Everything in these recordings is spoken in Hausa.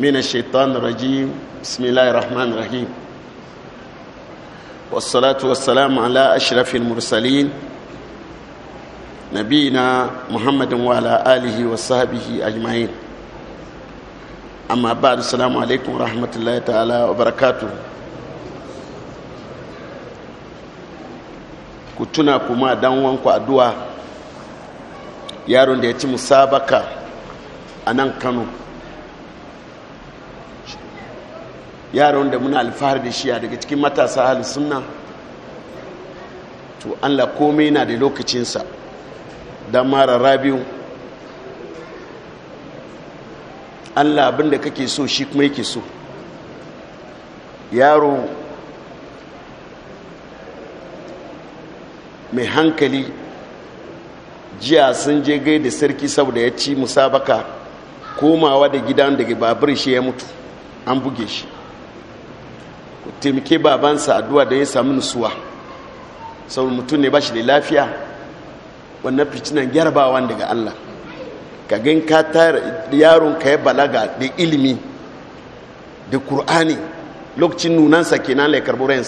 من الشيطان الرجيم بسم الله الرحمن الرحيم والصلاة والسلام على أشرف المرسلين نبينا محمد وعلى آله وصحبه أجمعين amma ba da salamu alaikum rahmatullahi ta'ala wa barakatu ku tuna kuma dan wanku addu'a yaron da ya ci musabaka a nan kano yaron da muna alfahar da shi daga cikin matasa halin sunna to allah komai na da lokacinsa don mara rabiu allah abinda kake so shi kuma yake so yaro mai hankali jiya sun je gai da sarki saboda ya ci musabaka komawa da gidan daga babur shi ya mutu an buge shi ku taimake babansa addu'a da ya sami nutsuwa sau mutum ne ba shi da lafiya wannan fitinan gyarbawan daga allah ka gan ka yaron ka ya balaga da ilimi da kur'ani lokacin nunansa kenan lai karbi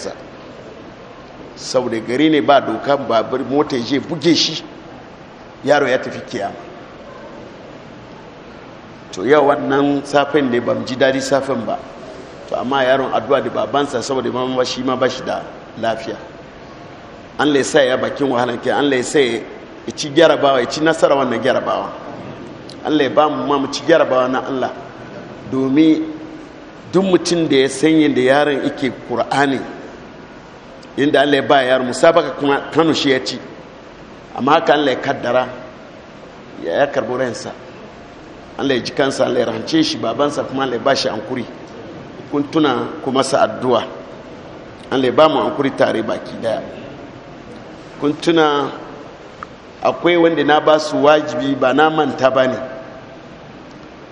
sau da gari ne ba doka babur mota je buge shi yaro ya tafi kiyama to yau wannan safin ne ba ji dadi safin ba to amma yaron addu'a da babansa saboda imam ba shi ma ba shi da lafiya an lai sai ya bakin wahalan ke an lai sai ya ci gyarabawa ya ci nasara wannan gyarabawa an lai ba mu ma mu ci gyarabawa na Allah domin duk mutum da ya san da yaron yake kur'ani inda an ya ba yaron musabaka kuma Kano shi ya ci amma haka an ya kaddara ya karbi ransa an ya ji kansa Allah ya rahance shi babansa kuma an ya ba shi ankuri kun tuna kuma sa addu'a Allah ya ba mu hankuri tare baki daya kun tuna akwai wanda na ba su wajibi ba na manta ba ne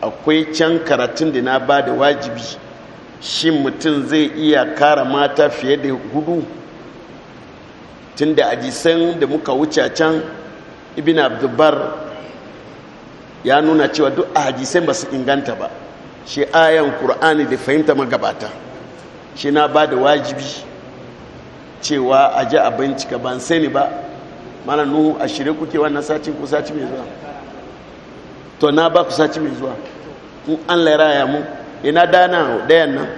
akwai can karatun da na ba da wajibi shi mutum zai iya kara mata fiye da hudu tun da ajisan da muka wuce can ibina abdubar ya nuna cewa duk a hadisan ba su inganta ba shi ayan kur'ani da fahimta magabata shi na ba da wajibi cewa a ji a ka ban sani ba mana nuhu a shirya kuke wannan sacin ku saci mai zuwa to na ba ku saci mai zuwa ku an lairaya mu ina dana dayan nan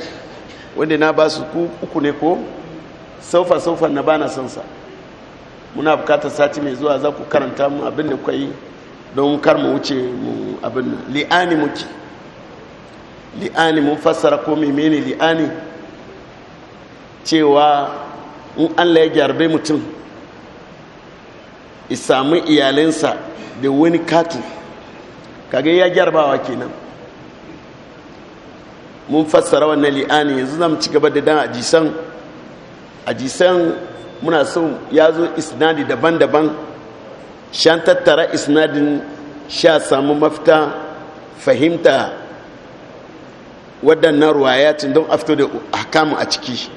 wanda na ba su ku uku ne ko saufa saufa na bana son sa muna bukatar sati mai zuwa za ku karanta mu abin da kwayi don kar mu wuce mu abin li'ani muke li'ani mun fassara ko menene li'ani cewa in allah ya gyarbe mutum isamu iyalinsa da wani katu kage ya gyarbawa kenan mun fassara wannan li'ani yanzu zamu ci gaba da dan ajisan ajisan muna so ya zo isnadi daban-daban shan tattara isnadin sha samu mafita fahimta waɗannan ruwayatin don a fito da hakamu a ciki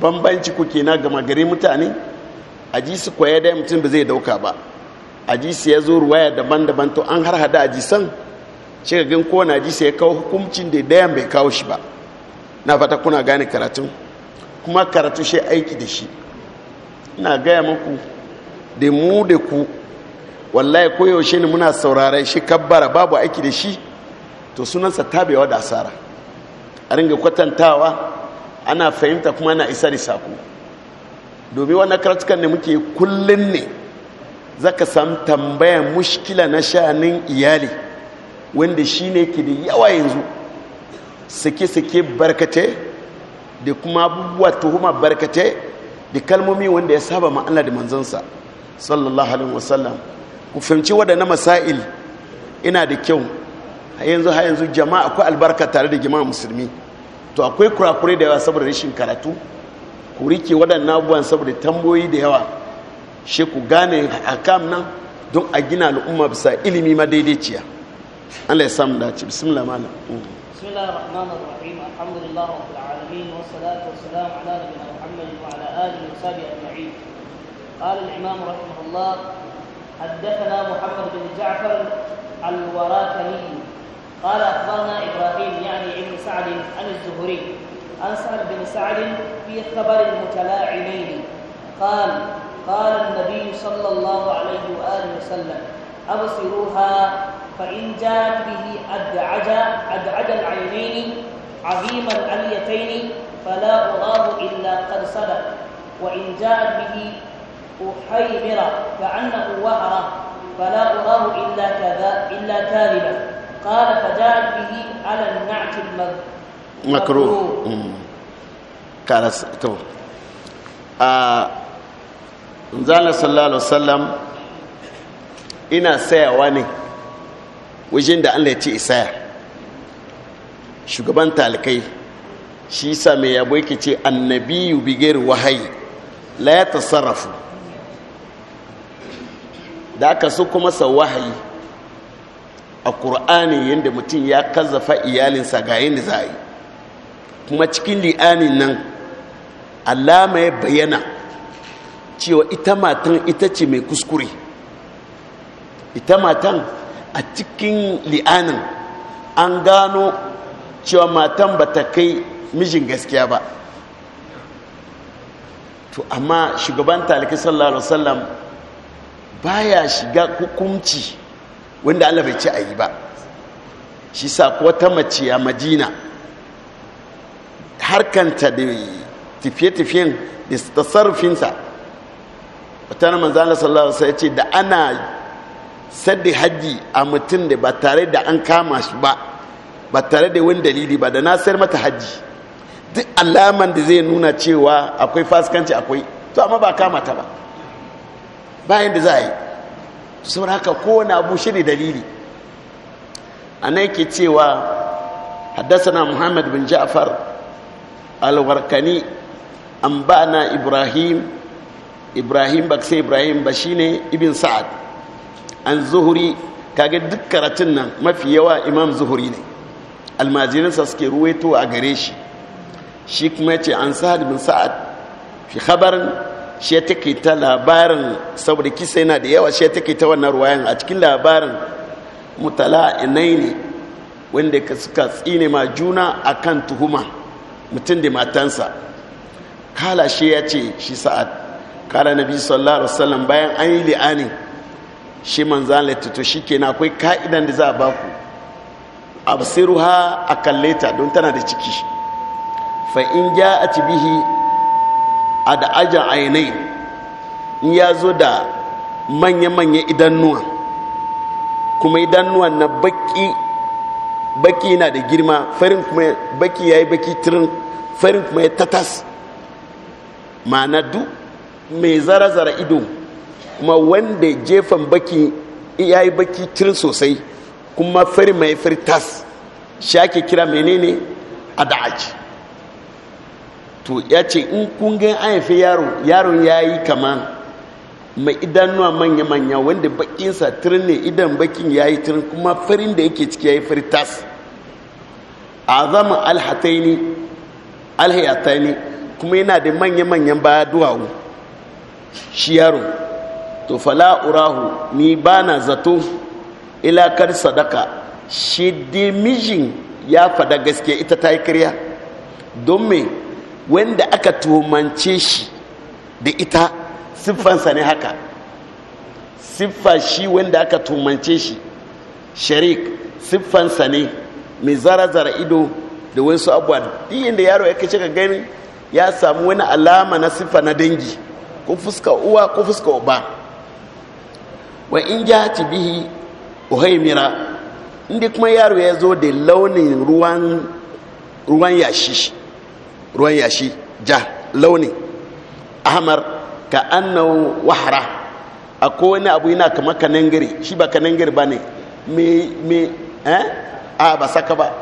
bambanci kuke na gama gari mutane a ji su da mutum ba zai dauka ba a ji ya zo ruwaya daban-daban to an har hada a jisan cika gan kowane a ji ya kawo hukumcin da dayan bai kawo shi ba na fata kuna gane karatun kuma karatu shi aiki da shi ina gaya maku da mu da ku wallahi koyaushe ne muna saurare shi kabbara babu aiki da shi to sunansa tabewa da asara a ringa kwatantawa ana fahimta kuma na isa da saku domin wannan karatukan da muke kullum ne za ka samu tambaya mushkila na sha'anin iyali wanda shi ne ke da yawa yanzu sake-sake barkate da kuma abubuwa tuhuma barkate da kalmomi wanda ya saba ma'ana da manzansa sallallahu alaihi wasallam ku fahimci waɗannan masail ina da kyau a yanzu ha yanzu jama'a akwai albarka tare da jama'a musulmi to akwai kurakure da yawa saboda rashin karatu ku rike waɗannan abubuwan saboda tamboyi da yawa shi ku gane kam nan don a gina al'umma bisa ilimi ma daidaiciya Allah ya samu dace bismillah malam bismillah حدثنا محمد بن جعفر قال أخبرنا إبراهيم يعني ابن سعد عن الزهري عن سعد بن سعد في خبر المتلاعبين قال قال النبي صلى الله عليه وآله وسلم أبصروها فإن جاءت به أدعج أدعج العينين عظيم الأليتين فلا أراه إلا قد صدق وإن جاءت به أحيبر كأنه وهرة فلا أراه إلا كذا إلا كاذبا قال فجاءت به على النعت المكروه قال تو zala صلى الله عليه وسلم انا ne wajen وجين ده الله يتي isaya shugaban talikai shi sa mai yabo yake ce annabiyu bigir wahayi la ya tasarrafu da aka su kuma sa wahayi a ƙur'ani yadda mutum ya kazzafa iyalinsa ga yin da za a yi kuma cikin li'anin nan alama ya bayyana cewa ita matan ita ce mai kuskure ita matan a cikin li'anin an gano cewa matan ba ta kai mijin gaskiya ba to amma shugaban talikai sallallahu sallam ba baya shiga hukunci wanda allah bai ce a yi ba shi sa ta mace a majina harkanta da tafiye-tafiyen da tasarrufinsa wata na manzana sallallahu sai ce da ana sadi hajji a mutum da ba tare da an kama shi ba ba tare da wani dalili ba da nasar mata hajji duk alaman da zai nuna cewa akwai fasikanci akwai to amma ba kama ta ba bayan da za a yi sun haka kowane abu shi ne dalili a nan ke cewa haddasana muhammad bin ja'far alwarkani an ba na ibrahim ibrahim ba sai ibrahim ba shi ne ibin sa'ad an zuhuri kage duk karatun nan mafi yawa imam zuhuri ne almajirinsa suke ruwaito a gare shi shi kuma ce an sa'ad bin sa'ad fi khabarin shi ke ta labarin saboda kisa yana da yawa shi take ta wannan ruwayan a cikin labarin mutala inaini wanda ka suka tsine ma juna akan tuhuma mutum da matansa kala shi ya ce shi sa'ad kala nabi sallallahu alaihi wasallam bayan an yi li'ani. shi man manzan latito shi kenan akwai ka'idan da za a baku absiruha a kalleta don tana da ciki fa in ja a bihi a da aja ainihi in ya zo da manya-manya idanuwa kuma idanuwa na baki baki na da girma farin kuma baki ya yi baki turin farin kuma ya tatas ma'ana duk mai zara-zara ido kuma wanda jefan baki ya yi baki turin sosai kuma farin mai fari tas shi ake kira menene a da'aji to ya ce in kun gan an haifi yaro yaron ya yi kama mai idanuwa manya-manya wanda bakinsa tirin ne idan bakin ya yi tirin kuma farin da yake ciki ya yi fari tas a zama alhataini alhayataini kuma yana da manya-manyan baya duwawu shi yaro to fala urahu ni ba na zato ilakar sadaka shi mijin ya fada gaske ita ta yi karya don me wanda aka tumance shi da ita siffansa ne haka siffa shi wanda aka tumance shi sharik siffansa ne mai zara-zara ido da wasu abuwa ɗiyin da yaro ya kace ka gani ya samu wani alama na siffa na dangi ko fuska uwa ko fuska uba wa in ja ci bihi uhaimira inda kuma yaro ya zo da launin ruwan yashi ruwan yashi ja launi ahmar ka annau wahara akwai wani abu yana kama kanangare shi ba kanangare ba ne me me eh a ba saka ba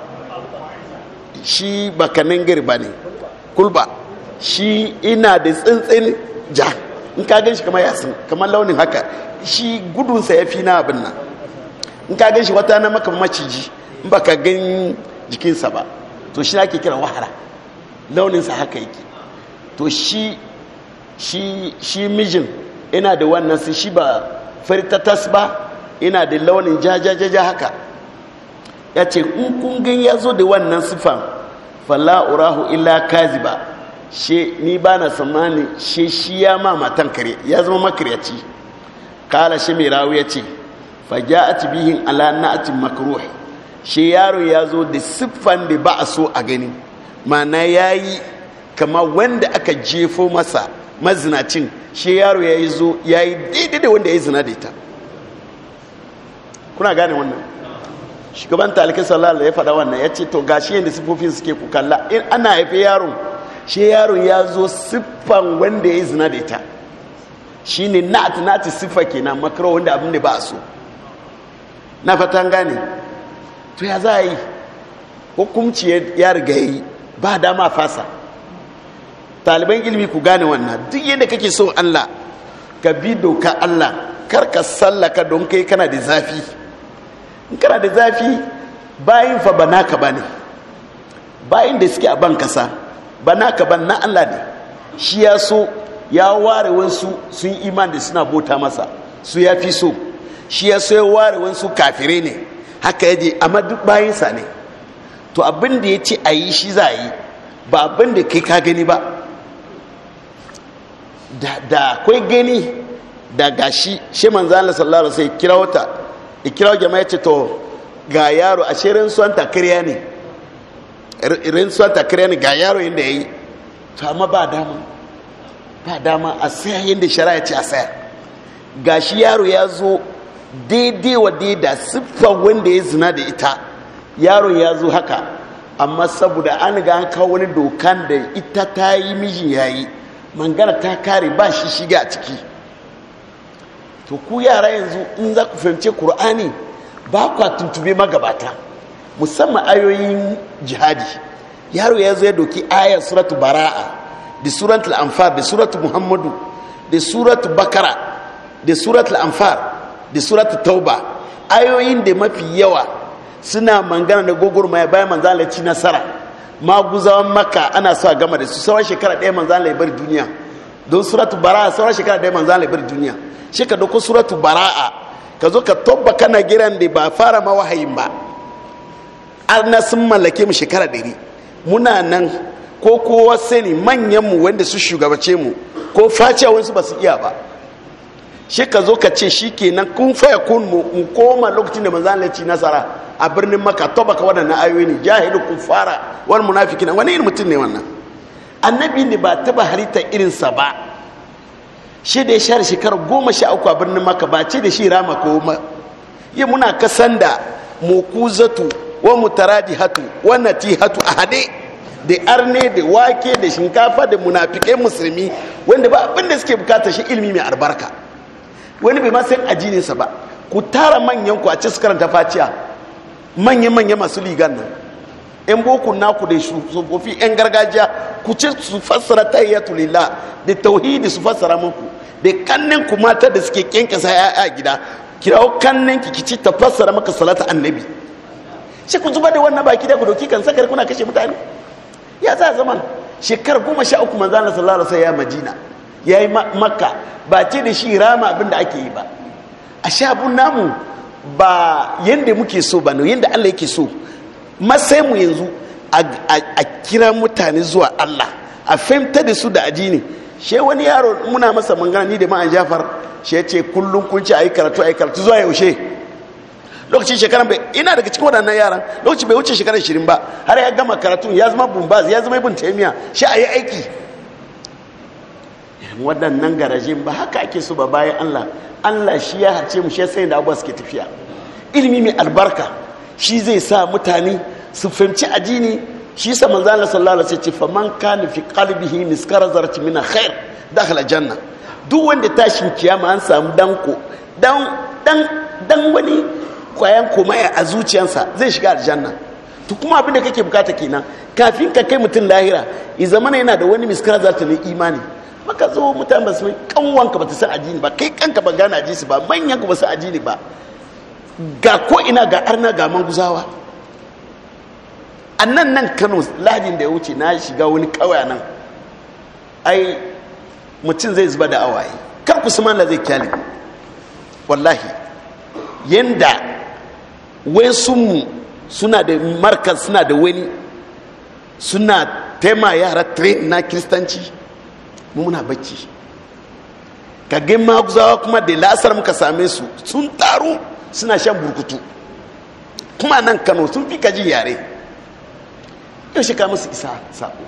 shi ba kanangare ba ne kulba shi ina da tsintsin ja in ka gan shi kamar yasin kamar launin haka shi gudunsa ya fi na abin nan in ka gan shi wata na maka maciji in ba ka gan jikinsa ba to shi ake kira wahara launinsa haka yake to shi mijin ina da wannan su shi ba firtatas ba ina da launin jajajaja haka ya ce in kungin ya zo da wannan sufan falla urahu illa kaziba she ni ba na tsammani she shi ya ma matan kare ya zama makaryaci kala shi mai rawu ya ce faja a cibihin ala na'atin makaruwa she yaro ya zo da siffan da ba a so a gani mana ya yi kama wanda aka jefo masa mazinacin shi yaro ya yi zo ya yi daidai da wanda ya yi zina da ita kuna gane wannan shugaban talikin salala ya faɗa wannan ya ce to shi yadda siffofin suke kukalla kalla in ana haife yaron shi yaro ya zo siffan wanda ya yi zina da ita shi ne nati nati siffa kenan makarau wanda abin da ba so na fatan gane to ya za a yi hukumci ya riga yi ba dama fasa taliban ilimi ku gane wannan duk yadda kake so allah ka bi doka allah kar ka sallaka don kai kana da zafi in kana da zafi bayin fa ba naka ba ne bayin da suke a ban kasa ba naka ba na allah ne shi ya so ya ware wasu sun iman da suna bota masa su ya fi so shi ya so ya ware wasu kafirai ne haka yaje amma duk bayinsa ne to abin da ya ce a yi shi za a yi ba abin da kai ka gani ba da kai gani da gashi shi manzana sallara sai kira wata wata jama'a ce to ga yaro a shi suwan takariya ne suwan takariya ne ga yaro yadda ya yi to amma ba dama ba dama a saya yadda ya ce a saya gashi yaro ya zo daidai wa daida siffar wanda ya zina da ita yaron ya zo haka amma saboda an ga an kawo wani dokan da ita ta yi miji ya yi mangana ta kare ba shi shiga a ciki to ku yara yanzu in za ku fahimce kur'ani ba kwa tuntube magabata musamman ayoyin jihadi yaro ya zo ya doki ayar suratu bara'a da suratu amfar da suratu muhammadu da suratu bakara da suratu amfar da suratu tauba ayoyin da mafi yawa suna mangana da mai bayan manzala ci nasara guzawan maka ana sa gama da su sauran shekara ɗaya manzala ya bar duniya don suratu bara'a sauran shekara ɗaya manzala ya bar duniya shi ka dauko suratu bara'a ka zo ka tobba kana giran da ba fara ma wahayin ba har na sun mallake mu shekara ɗari muna nan ko kowa sani manyanmu wanda su shugabace mu ko face wani su ba su iya ba shi ka zo ka ce shi kenan kun faya kun mu koma lokacin da manzan lalaci nasara a birnin maka to baka waɗannan ayoyi ne jahilu wani munafiki na wani irin mutum ne wannan annabi ne ba taba irin irinsa ba shi da ya share shekara goma sha uku a birnin maka ba ce da shi rama ko yi muna kasan da mukuzatu wa mutaradi hatu wa nati hatu a hade da arne da wake da shinkafa da munafikai musulmi wanda ba abin da suke bukata shi ilimi mai albarka wani bai ma san ajininsa ba ku tara manyan ku a ci karanta faciya manya-manya masu ligan nan yan boko naku da tsofaffi yan gargajiya ku ci su fassara ta iya tulila da tauhidi su fassara muku da kannin ku mata da suke ya ya'ya gida kirawo kannin ki kici ta fassara maka salata annabi shi ku zuba da wannan baki da ku doki kan sakar kuna kashe mutane ya za zaman shekar goma sha uku manzana sallallahu alaihi wasallam ya madina ya yi makka ba ce da shi rama abin da ake yi ba a sha abun namu ba yadda muke so ba ne yadda allah yake so masai mu yanzu a kira mutane zuwa allah a fahimta da su da ne she wani yaro muna masa mangana ni da ma'an jafar she ce kullum kun ce a karatu a karatu zuwa yaushe lokacin shekaran bai ina daga cikin waɗannan yaran lokacin bai wuce shekaran shirin ba har ya gama karatu ya zama bumbaz ya zama ibn taimiya shi a yi aiki waɗannan garajin ba haka ake so ba bayan Allah Allah shi ya harce mu shi sai da abuwa suke tafiya ilimi mai albarka shi zai sa mutane su fahimci jini shi sa manzo Allah sallallahu alaihi wasallam fa man kana fi qalbihi miskara zarati min khair dakhala janna duk wanda tashin kiyama an samu danko dan wani kwayan komai a zuciyarsa zai shiga aljanna to kuma abin da kake bukata kenan kafin ka kai mutum lahira i zamana yana da wani miskara zarati na imani maka zo mutane ba su kanwanka ba ta san ajini ba kai kanka ba gana ajinsu ba manyan ka ba su ajini ba ga ko ina ga arna ga manguzawa a nan nan kano lahadin da ya wuce na shiga wani kawai nan ai mutum zai zuba da awaye kar ku su mana zai kyale wallahi yanda mu suna da markas suna da wani suna tema yara train na kiristanci mu muna bacci kagin maguzawa kuma da lasar muka same su sun taru suna shan burkutu kuma nan kano sun fi kaji yare yau shi ka musu isa sako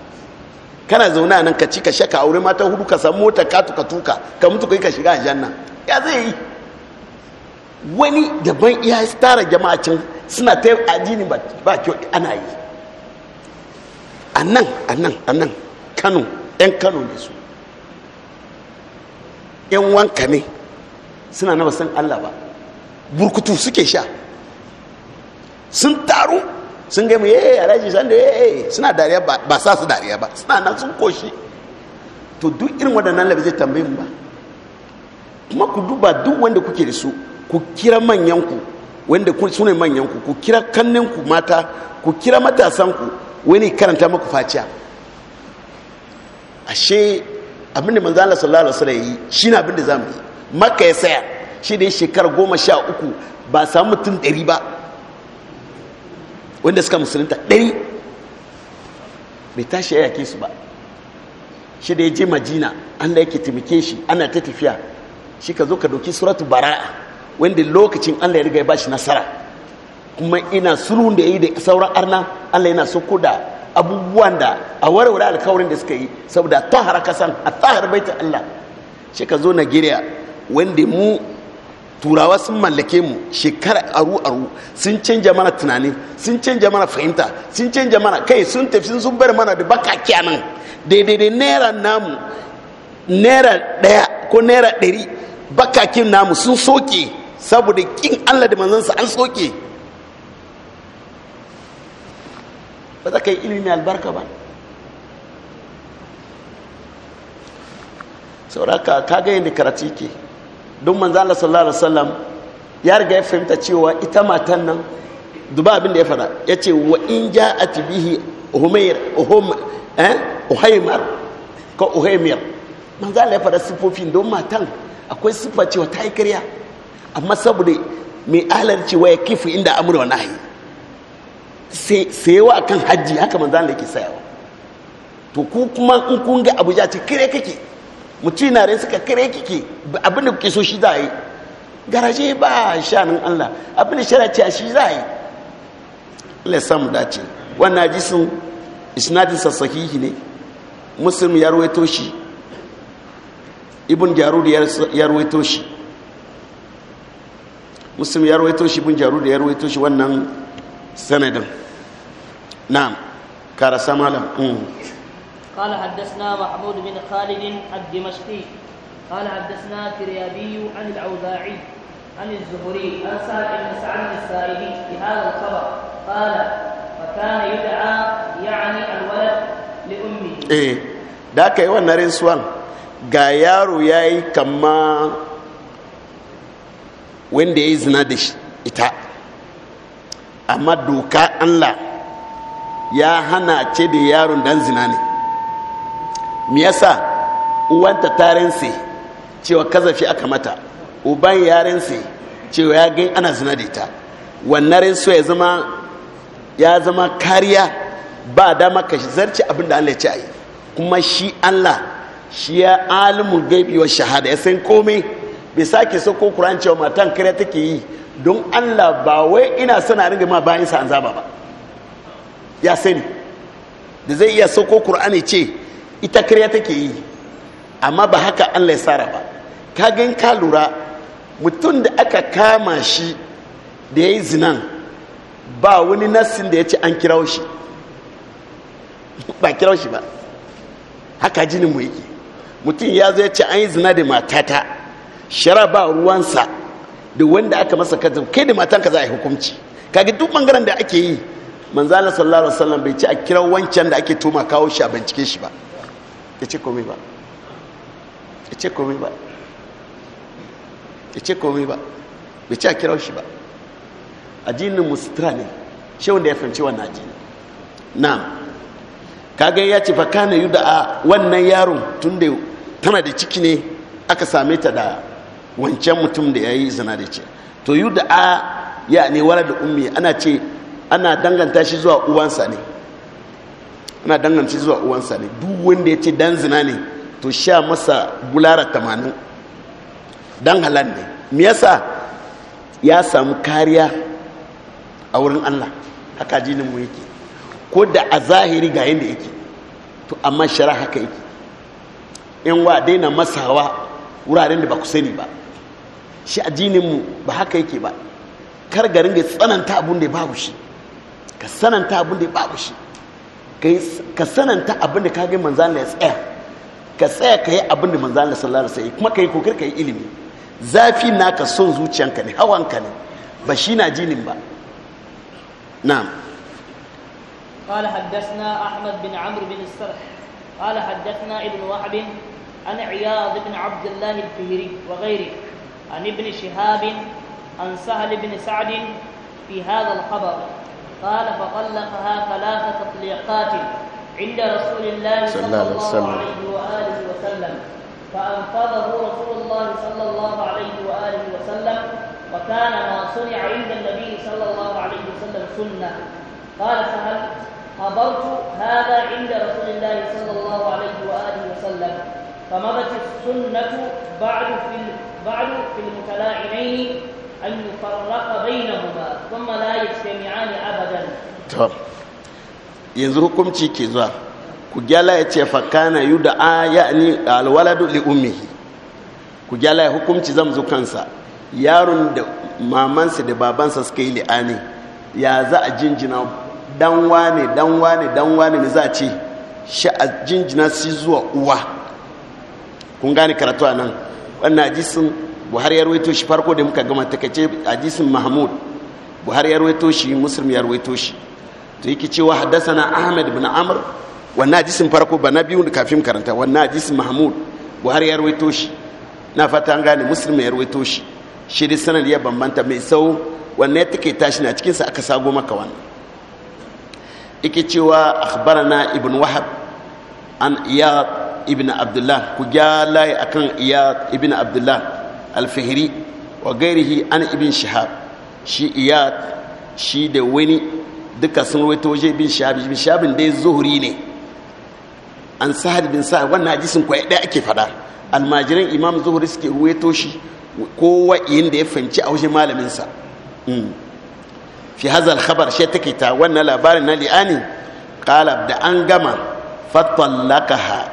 kana zauna nan ka ci ka shaka aure mata hudu ka samu mota ka tuka tuka ka mutu ka yi ka shiga janna ya zai yi wani daban iya tara jama'a can suna ta ajini ba kyau ana yi a nan a a nan kano 'yan kano ne su yan wanka ne suna na basan Allah ba burkutu suke sha sun taru sun gami gaimu eh alhaji sanda yi suna dariya ba sa su dariya ba suna nan sun koshi to duk irin waɗannan labi zai tambayin ba kuma ku duba duk wanda kuke da su ku kira manyanku wanda su ne manyanku ku kira kanninku mata ku kira matasanku wani karanta maku faciya ashe abinda manzo Allah sallallahu alaihi wasallam yi shine abinda zamu yi makka ya saya shi da shekara goma sha uku ba samu mutum 100 ba wanda suka musulunta 100 bai tashi yake su ba shi da yaje madina majina an yake timike shi ana ta tafiya shi ka zo ka doki suratu bara'a wanda lokacin allah ya riga ya bashi nasara kuma ina sulhun da yayi da sauran arna allah yana so ko da abubuwan da a warware alkawarin da suka yi saboda ta tahara kasan a ta tahar baitin Allah shi ka zo Najeriya wanda mu turawa sun mallake mu shekara aru aru sun canja mana tunani sun canja mana fahimta sun canja mana kai sun tafi sun bar mana da baka kyanan daidai naira namu naira daya ko naira ɗari bakakin namu sun soke saboda kin Allah da manzansa an soke ba za ka yi ilimi albarka ba sauraka ka ga yadda karatu ke don manzan Allah sallallahu ala'uwa ya riga ya fahimta cewa ita matan nan duba abin da ya fada ya ce wa in ja a humair hum ko uhaymir manzan ya fada sifofin don matan akwai sifa cewa ta yi karya amma saboda mai ahalar cewa ya kifi inda amurwa haini sayewa kan hajji haka manzan da yake sayawa to ku kuma in kun ga Abuja ce kire kake mutu na rai suka kire kake abin kuke so shi za a yi garaje ba shanin Allah abin shara ce shi za a yi Allah ya samu dace wannan hadisin isnadin sassahihi ne muslim ya ruwaito shi ibn jarud ya ruwaito shi muslim ya ruwaito shi ibn jarud ya ruwaito shi wannan sanadin na'am karasa malam قال حدثنا محمود بن خالد الدمشقي قال حدثنا كريابي عن الأوزاعي عن الزهري عن سعد بن سعد السائلي بهذا الخبر قال فكان يدعى يعني الولد لأمه إيه ذاك أيوة نرين سؤال ga yaro ya yi kama wanda ya yi zina da ita amma doka Allah ya hana ce da yaron dan zina ne me yasa uwanta ta rinse cewa kazafi aka mata uban ya cewa ya gan ana zina da ita wannan rinsu ya zama ya zama kariya ba dama ka zarce abin da Allah ya ce a yi kuma shi Allah shi ya alimul gaibi shahada ya san komai bai sake so ko Qur'an cewa matan kare take yi don Allah ba wai ina sana ringa ma bayan sa an zaba ba ya sani da zai iya sauko kur'ani ce ita kariya take yi amma ba haka allah ya tsara ba gan ka lura mutum da aka kama shi da ya yi zinan ba wani nassin da ya ce an kira shi ba kira shi ba haka jinin mu yake mutum ya zo ya ce an yi zina da matata shara ba ruwansa da wanda aka masa kazan kai da matanka za a yi hukunci kaga duk bangaren da ake yi manzo Allah sallallahu alaihi wasallam bai ci a kira wancan da ake tuma kawo shi a bincike shi ba ya ce komai ba ya ce komai ba ya ce komai ba bai ci a kira shi ba addinin musitra ne shi wanda ya fahimci wannan addini na kagan ya ce fa kana yuda a wannan yaron tun da tana da ciki ne aka same ta da wancan mutum da ya yi zina da ce to yuda a ya ne wala da ummi ana ce ana danganta shi zuwa uwansa ne ana danganta shi zuwa uwansa ne duk wanda ya ce dan zina ne to sha masa bulara tamanin dan halan ne me yasa ya samu kariya a wurin Allah haka jinin mu yake ko da a zahiri ga yanda yake to amma shara haka yake in wa daina masawa wuraren da ba ku sani ba shi jinin mu ba haka yake ba kar garin ga tsananta abun da babu shi ka sananta abin da babu shi ka sananta abin da ka ga manzo ya tsaya ka tsaya ka yi abin da manzo Allah sallallahu kuma ka yi kokari ka yi ilimi zafi ka son zuciyanka ne hawanka ne ba shi na jinin ba na'am قال حدثنا أحمد بن عمرو بن السرح قال حدثنا ابن وهب عن عياض بن عبد الله الفهري وغيره عن ابن شهاب عن سهل بن سعد في هذا الخبر قال فطلقها ثلاث تطليقات عند رسول الله صلى الله عليه وآله وسلم فأنفذه رسول الله صلى الله عليه وآله وسلم وكان ما صنع عند النبي صلى الله عليه وسلم سنة قال سهل قبرت هذا عند رسول الله صلى الله عليه وآله وسلم فمضت السنة بعد في بعد في المتلاعنين أن يفرق بينهما ثم لا يجتمعان أبدا طب yanzu hukumci ke zuwa ku gyala ya ce fakana a ya ni alwaladu li ku gyala ya hukumci zan zo kansa yaron da mamansa da babansa suka yi li'ani ya za a jinjina dan wane dan wane dan wane ne za a ce shi a jinjina su zuwa uwa kun gane karatu a nan wannan sun. buhari ya ruwaito shi farko da muka gama takace hadisin mahmud buhari ya ruwaito shi muslim ya ruwaito shi to yake cewa haddasana ahmad ibn amr wannan hadisin farko ba na biyu kafin karanta wannan hadisin mahmud buhari ya ruwaito shi na fata an gane muslim ya ruwaito shi shi da sanad ya bambanta mai sau wannan ya take tashi na cikin sa aka sago maka wannan yake cewa akhbarana ibn wahab an iyad ibn abdullah ku gyalaye akan iyad ibn abdullah alfihiri wa gairihi an ibin shahab shi iyad shi da wani duka sun wato waje ibin shahab dai zuhuri ne an sahad bin wannan hadisin ɗaya ake faɗa almajiran imam zuhuri suke ruwaito shi kowa yin da ya fanci a wajen malaminsa fi hazal khabar shi ta wannan labarin na li'ani qalab da an gama fatallaqaha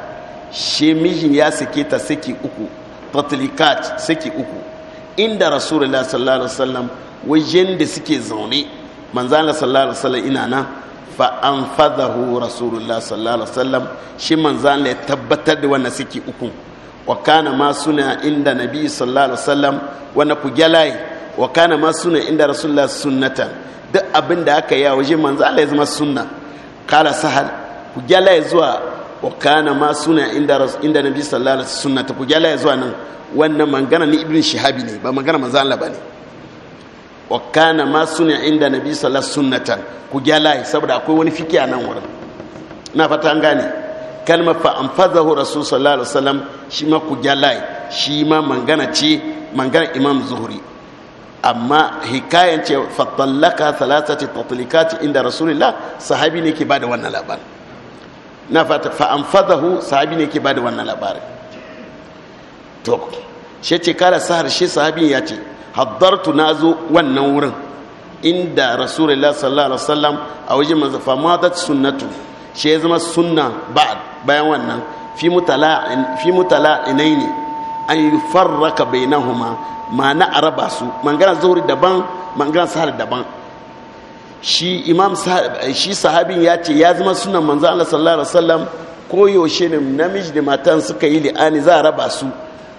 shi mijin ya sake ta saki uku tatlikat saki uku inda rasulullah sallallahu alaihi wasallam wajen da suke zaune manzana sallallahu alaihi wasallam ina nan fa an fadahu rasulullah sallallahu alaihi wasallam shi manzana ya tabbatar da wannan saki uku wa kana ma suna inda nabi sallallahu alaihi wasallam wannan kugyalai wa kana ma suna inda rasulullah sunnata duk abin da aka yi a waje manzan Allah ya zama sunna kala sahal ku kugyalai zuwa wa kana ma suna inda inda nabi sallallahu alaihi wasallam ta kujala ya zuwa nan wannan mangana ni ibn shihabi ne ba magana manzo Allah bane wa kana ma suna inda nabi sallallahu alaihi sunnatan kujala saboda akwai wani fiki a nan wurin na fata an gane kalmar fa anfazahu rasul sallallahu alaihi wasallam shi ma kujala shi ma mangana ce mangana imam zuhri amma hikayen ce fatallaka thalathati tatlikati inda rasulullah sahabi ne ke bada wannan labarin na fata fa'amfadahu sahabi ne ke bada wannan labarin to shi ce kala sahar shi sahabi ya ce haddartu na zo wannan wurin inda rasulullah sallallahu alaihi wasallam a wajen manzo fa madat sunnatu shi ya zama sunna bayan wannan fi mutala fi mutala inaini an yufarraka ma na araba su mangana zuhri daban mangana sahar daban shi imam shi sahabin ya ce ya zama sunan manzo Allah sallallahu alaihi wasallam yaushe ne namiji da matan suka yi li'ani za a raba su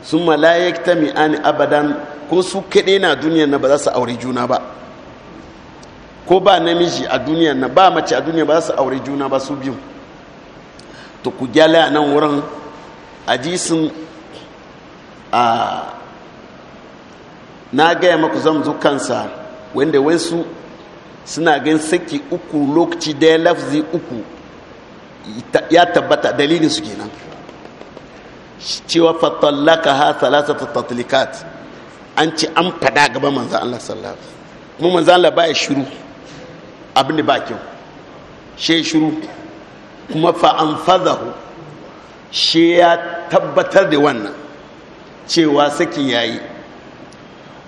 sun malayek ta mi'ani abadan ko su kaɗai na duniyar na ba za su aure juna ba ko ba namiji a duniyar na ba mace a duniya ba za su aure juna ba su biyu to ku gyala a nan wurin hadisin a na gaya maku zan zo kansa wanda wai su suna gan saki uku lokaci daya lafzi uku ya tabbata dalilin su kenan cewa fatallaka ha salasata tatlikat an ci an fada gaba manzo Allah sallallahu alaihi wasallam kuma manzo Allah ba ya shiru abin da ba kyau she shiru kuma fa anfadahu she ya tabbatar da wannan cewa sakin yayi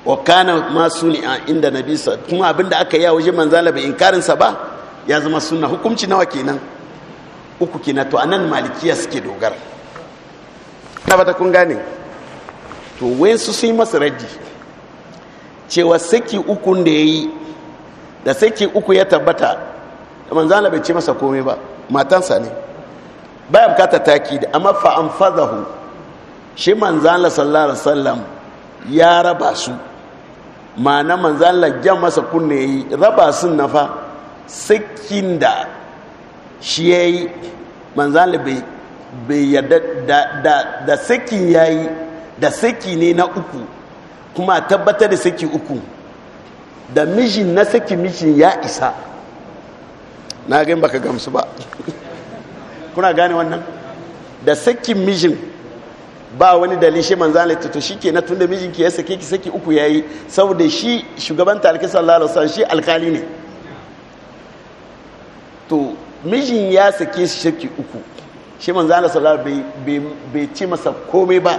wa kana ma suni a inda nabi sa kuma abinda aka yi a wajen manzala bai inkarin sa ba ya zama sunna hukunci nawa kenan uku kenan to anan malikiya suke dogara na bata kun gane to wayansu sun yi masa raddi cewa saki ukun da ya yi da saki uku ya tabbata manzala bai ce masa komai ba matansa ne baya bukata taki da amma fa an fadahu shi manzala sallallahu alaihi wasallam ya raba su ma'ana manzala jan masa kunne yi raba sun nafa sikin da shi ya yi manzala bai yadda da sikin ya yi da siki ne na uku kuma tabbatar da siki uku da mijin na siki mijin ya isa na gan baka gamsu ba kuna gane wannan da sikin mijin ba wani dalil shi manzan tutu to ke na tunda mijinki ya sake ki saki uku yayi saboda shi shugaban talaki sallallahu alaihi wasallam shi alkali ne to mijin ya sake shi saki uku shi manzan Allah sallallahu alaihi bai ci masa komai ba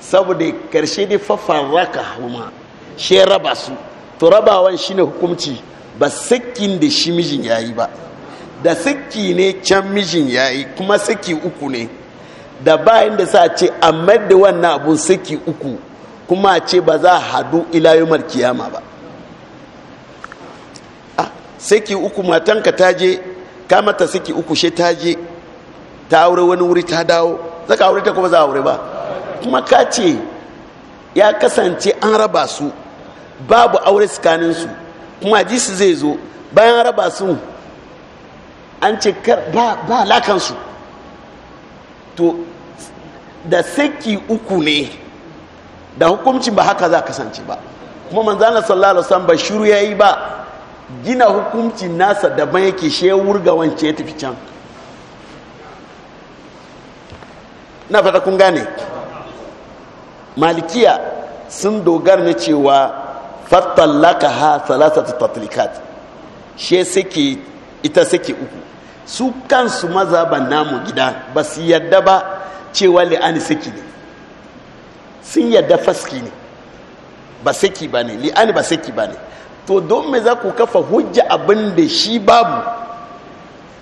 saboda karshe dai fafarraka huma shi raba su to rabawan shine hukunci ba sakin da shi mijin yayi ba da saki ne can mijin yayi kuma saki uku ne da bayan da sa ce amma da wannan abun saki uku kuma ce ba za hadu ilayumar kiyama ba ah, saki uku matanka ta je ka mata saki uku she ta je ta aure wani wuri ta dawo zaka aure ta kuma za aure ba kuma ka ce ya kasance an raba su babu aure su kuma su zai zo bayan raba su an ce ba, ba lakansu to da saki uku ne da hukunci ba haka za kasance ba kuma manzana sallallahu alaihi wasallam ba shiru yayi ba gina hukuncin nasa daban yake ya wurga wance ya tafi can na fata kun gane malikiya sun dogara ne cewa fattallaka ha salasatu tatlikat she saki ita saki uku su kansu mazaban namu gida ba su yadda ba cewa li'ani saki ne sun yadda faski ne ba saki ba ne li'ani ba saki ba ne to don me za ku kafa hujja abin da shi babu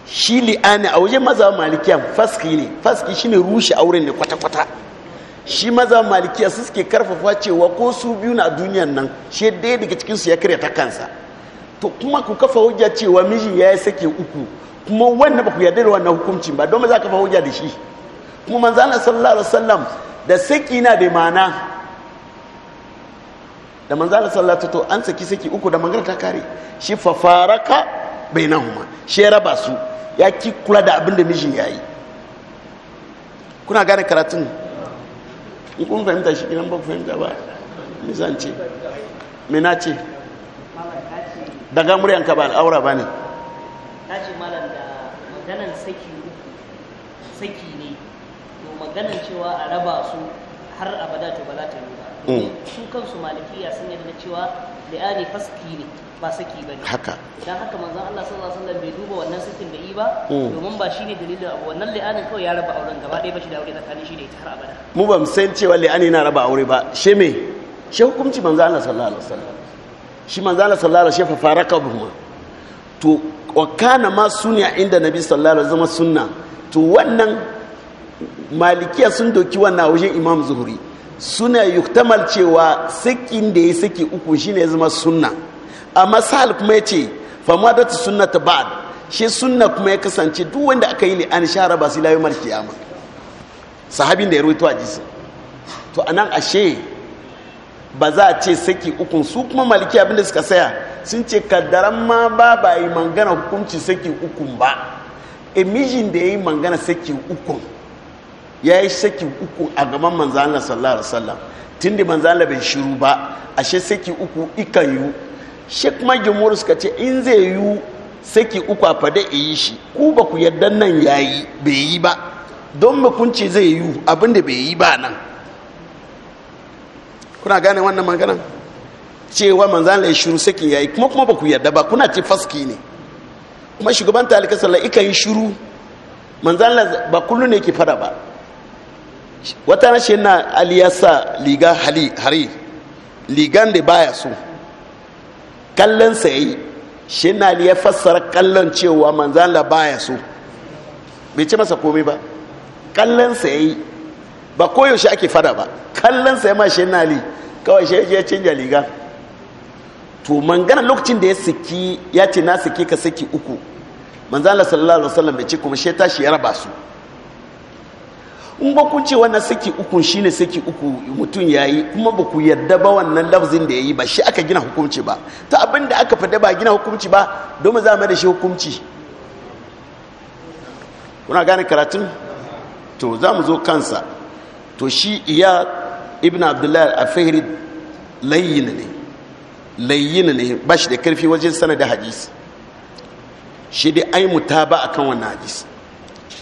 shi li'ani a wajen mazaban malikiya faski ne faski shi ne rushe auren ne kwata-kwata shi maza malikiya su suke karfafa cewa ko su biyu na duniyan nan shi daya daga cikinsu ya karya ta kansa to kuma ku kafa hujja cewa miji ya yi sake uku kuma wanda ba ku yarda da wannan hukuncin ba don za ka fa hujja da shi kuma manzo Allah sallallahu alaihi wasallam da saki na da mana da manzo Allah sallallahu alaihi wasallam an saki saki uku da magana ta kare shi bai na huma shi raba su ya ki kula da abin da mijin ya yi kuna gane karatun in kun fahimta shi kinan ba ku fahimta ba misance me na ce daga muryanka ba al'aura ba ne saki ne to maganar cewa a raba su har abada to ba za ta yi ba mm. su kansu malikiya sun yi da cewa li'ani faski ne ba saki ba ne haka don haka manzon Allah sallallahu alaihi wasallam bai duba wannan sakin da yi ba mm. domin ba shine dalilin abu wannan li'anin kawai ya raba auren gaba ɗaya ba shi da aure tsakanin shi da ita har abada mu ba mu san cewa li'ani na raba aure ba she me she hukunci manzon Allah sallallahu alaihi wasallam shi manzon Allah sallallahu alaihi wasallam fa faraka buhuma to wa kana ma sunna inda nabi sallallahu alaihi wasallam sunna to wannan malikiya sun doki wannan wajen imam zuhuri suna yuktamal cewa sakin da ya saki uku shine ne zama sunna amma sahal kuma ya ce famadatu sunna ta ba'ad shi sunna kuma ya kasance duk wanda aka yi an shara ba su layu marki yamma sahabin da ya ruwaito a jisa to anan ashe ba za a ce saki uku su kuma maliki abinda suka saya sun ce kaddaran ma ba ba yi mangana hukunci saki uku ba mijin da ya yi mangana saki uku ya yi saki uku a gaban manzan Allah sallallahu alaihi wasallam tun da manzan bai shiru ba ashe saki uku ikan yi shi kuma jimuru suka ce in zai yi saki uku a fada a yi shi ku ba ku yadda nan ya yi bai yi ba don hukunci zai yi abin da bai yi ba nan kuna gane wannan maganan cewa manzan ya shiru sakin ya yi kuma kuma ba ku yadda ba kuna ce faski ne kuma shugaban talika sallar ika yi shuru manzan ba kullu ne ke fada ba wata na shi na aliyasa liga hari ligan da baya so kallon sa yi shi na ya fassara kallon cewa manzan la baya so bai ce masa komai ba kallon sa yi ba koyaushe ake fada ba kallon sa ya ma shi na li kawai shi ya canja liga to mangana lokacin da ya siki ya ce na siki ka siki uku manzala sallallahu alaihi wasallam bai ce kuma shi tashi ya raba su in ba kun ce wannan saki uku shine saki uku mutum ya yi kuma ba ku yarda ba wannan lafzin da ya yi ba shi aka gina hukunci ba ta abin da aka fada ba gina hukunci ba domin za mu da shi hukunci kuna gane karatun to za mu zo kansa to shi iya ibn abdullahi al-fahri layyin ne layyin ne bashi da karfi wajen sanadin hadisi shi dai ai mutaba akan wannan hadisi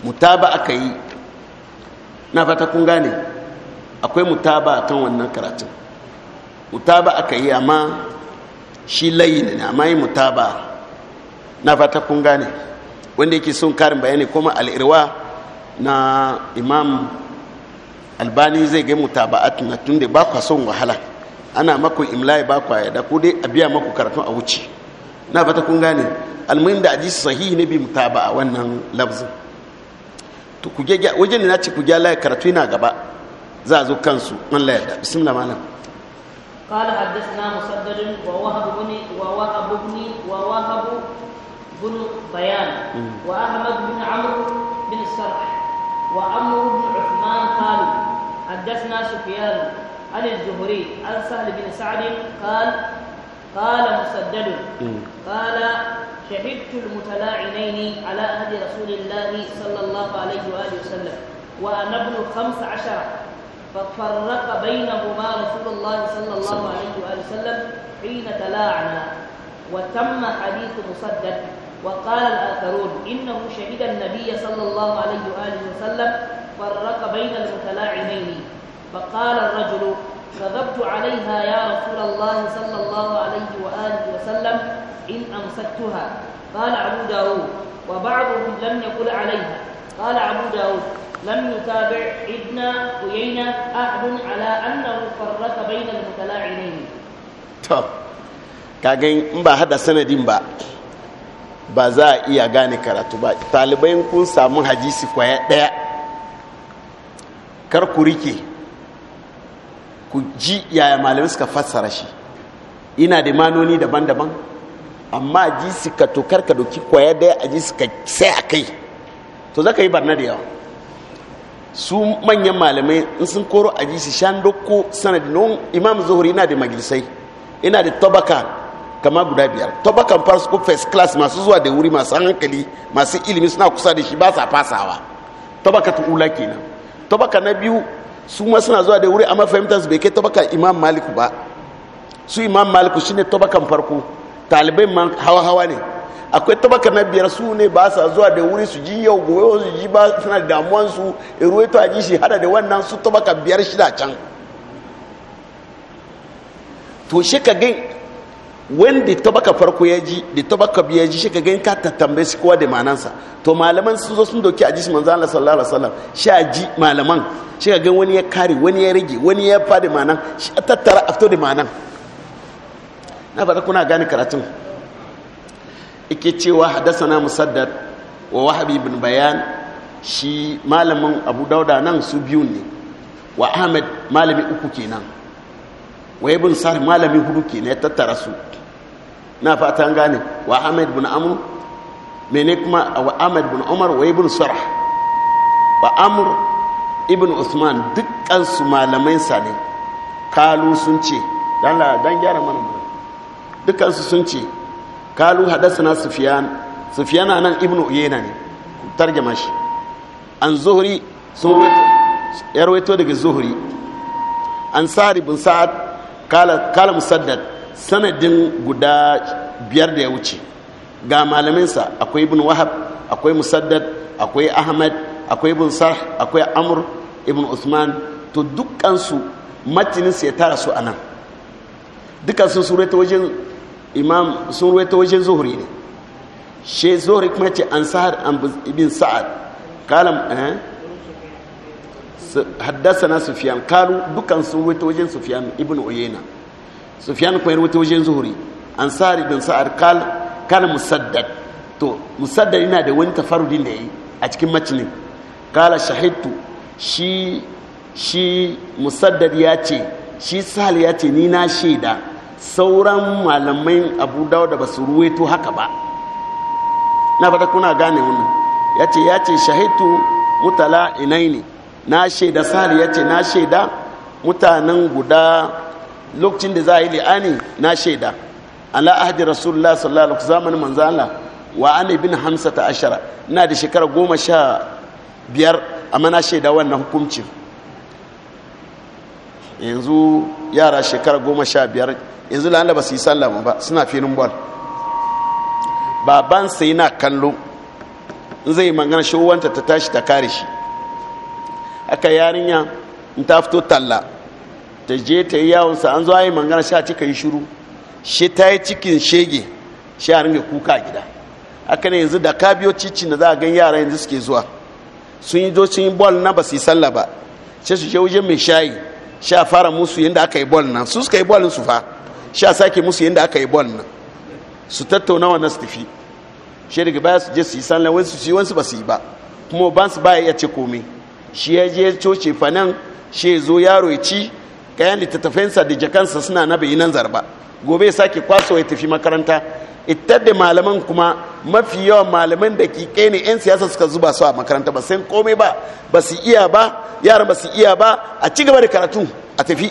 mutaba aka yi na fata kun gane akwai mutaba akan wannan karatun mutaba aka yi amma shi layi ne amma yi mutaba na fata kun gane wanda yake son karin bayani kuma al'irwa na imam albani zai ga mutaba'at na tunda ba kwa son wahala ana maku imla'i ba kwa yada ku dai a biya maku karatun a wuce na fata kun gane almuhim da hadisi sahihi ne bi ba a wannan lafzin to ku wajen na ce ku gya laye karatu yana gaba za a zo kansu an laye da bismillah malam قال حدثنا مسدد ووهب بن ووهب بن ووهب بن بيان واحمد بن عمرو بن السرح وعمرو بن عثمان قالوا حدثنا سفيان عن الزهري عن سهل بن سعد قال قال مسدد قال شهدت المتلاعنين على عهد رسول الله صلى الله عليه وآله وسلم وأنا ابن خمس عشر ففرق بينهما رسول الله صلى الله عليه وآله وسلم حين تلاعنا وتم حديث مسدد وقال الآخرون إنه شهد النبي صلى الله عليه وآله وسلم فرق بين المتلاعنين فقال الرجل غضبت عليها يا رسول الله صلى الله عليه وآله وسلم إن أمسكتها قال أبو داود وبعضهم لم يقل عليها قال أبو داود لم يتابع ابن أيينة أحد على أنه فرق بين المتلاعنين طب kagan in ba hada sanadin ba ba za a iya gane karatu ba talibai kun samu hadisi kwaya daya kar ku rike ku ji yaya malamai suka fassara shi ina da manoni daban-daban amma ji suka tokar ka doki kwaya daya a ji suka sai a kai to za ka yi barna da yawa su manyan malamai in sun koro a ji su shan doko sanadin don imam zuhuri ina da maglisai ina da tabaka kama guda biyar tabakan farko first class masu zuwa da wuri masu hankali masu ilimi suna kusa da shi ba sa fasawa tabaka ta ula kenan tabaka na biyu su ma suna zuwa da wuri amma fahimta su bai kai tabaka imam maliku ba su imam shi ne tabakan farko talibai man hawa hawa ne akwai tabaka na biyar su ne ba sa zuwa da wuri su ji yau goyo su ji ba suna da damuwan su to a ji shi hada da wannan su tabaka biyar shida can to shi ka gai wanda tabaka farko ya ji da tabaka biya ji shi ka gani ka tattambe su kowa da manansa to malaman sun zo sun doki a jisi manzo Allah sallallahu alaihi wasallam sha ji malaman shi ka gani wani ya kare wani ya rage wani ya fadi manan shi a tattara a da manan na fara kuna gane karatun ike cewa hadasana musaddad wa wahabi ibn bayan shi malamin abu dauda nan su biyu ne wa ahmed malami uku kenan wa ibn sar malami hudu kenan ya tattara su na fata an gane wa ahmed bin amr mene kuma wa ahmed bin umar wa ibn sarh wa amr ibn usman dukkan su malamai sa ne kalu sun ce dan dan gyara mana dukkan su sun ce kalu hadathana sufyan sufyana nan ibn uyayna ne tarjama shi an zuhri sun yarwaito daga zuhri an tsari bin sa'ad kala kala musaddad sanadin guda biyar da ya wuce ga malaminsa akwai ibn wahab akwai musaddad akwai ahmad akwai ibn sarh akwai Amur ibn usman to dukkansu matininsu ya tara su a nan dukkansu sun ruwaita wajen imam sun ruwaita wajen zuhuri ne she zuhuri kuma ce an sa'ad an ibn sa'ad kalam eh haddasa na sufiyan kalu dukkan sun ruwaita wajen sufiyan ibn uyena sufyan kuma wata wajen zuhuri ansari bin sa'ar kal musaddad to musaddad yana da wani tafarudin da yi a cikin macinin kala shahidtu shi shi musaddad ya ce shi sahal ya ce ni na shaida sauran malamai abu da da basu ruwaito haka ba na fata kuna gane wannan ya ce ya ce shahitu mutala inaini na shaida sahal ya ce na shaida mutanen guda lokacin da za a yi li'ani na shaida ala ahadi rasulullah sallallahu alaihi wasallam manzo Allah wa ana bin hamsata ashara ina da shekara goma sha biyar amma na shaida wannan hukuncin yanzu yara shekara goma sha biyar yanzu la'anda ba su yi sallama ba suna filin bol baban sai na kallo in zai magana showanta ta tashi ta kare shi aka yarinya in ta fito talla ta je ta yi yawonsa an zo yi mangana sha cika yi shiru shi ta yi cikin shege shi a ringa kuka gida haka ne yanzu da ka biyo cici da za a gan yara yanzu suke zuwa sun yi zo sun yi bol na ba su yi salla ba sai su je wajen mai shayi sha fara musu yadda aka yi bol na su suka yi bol su fa sha sake musu yadda aka yi bol na su tattauna wannan su tafi shi daga baya su je su yi salla wani su yi wani ba su yi ba kuma ban su baya iya ce komai shi ya je coci fanan shi ya zo yaro ya ci kayan littattafensa da jakansa suna na bayinan zarba gobe ya sake kwaso ya tafi makaranta ita da malaman kuma mafi yawan malaman da ke kai ne 'yan siyasa suka zuba su a makaranta ba san komai ba ba su iya ba yaran ba su iya ba a ci gaba da karatu a tafi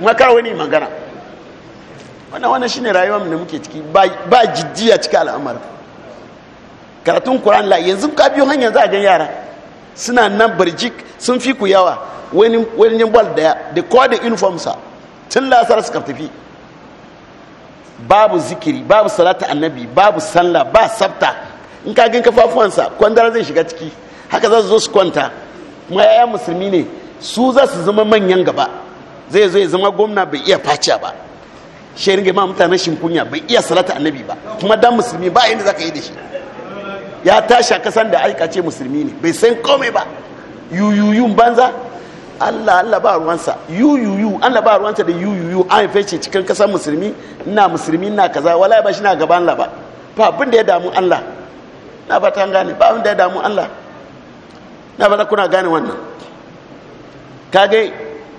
makawai ne magana wannan wannan shine rayuwar da muke ciki ba jiddiya cika al'amarin karatun kuran la yanzu ka biyo hanyar za a gan yara suna nan barjik sun fi ku yawa wani bal daya da kowa da uniform sa tun lasar suka tafi babu zikiri babu salata annabi babu sallah ba sabta in ka gan kafafuwansa kwandara zai shiga ciki haka za su zo su kwanta kuma yaya musulmi ne su za su zama manyan gaba zai zo zama gwamna bai iya faciya ba shi ringa ma mutanen shinkunya bai iya salata annabi ba kuma dan musulmi ba inda za ka yi da shi ya tashi kasan da aikace musulmi ne bai san kome ba yuyuyun banza allah allah ba ruwansa yuyuyu allah ba ruwansa da yuyuyu an haife cikin kasan musulmi ina musulmi na kaza wala ba shi na gaban allah ba ba abin da ya damu allah na ba ta gane ba abin da ya damu allah na ba kuna gane wannan kage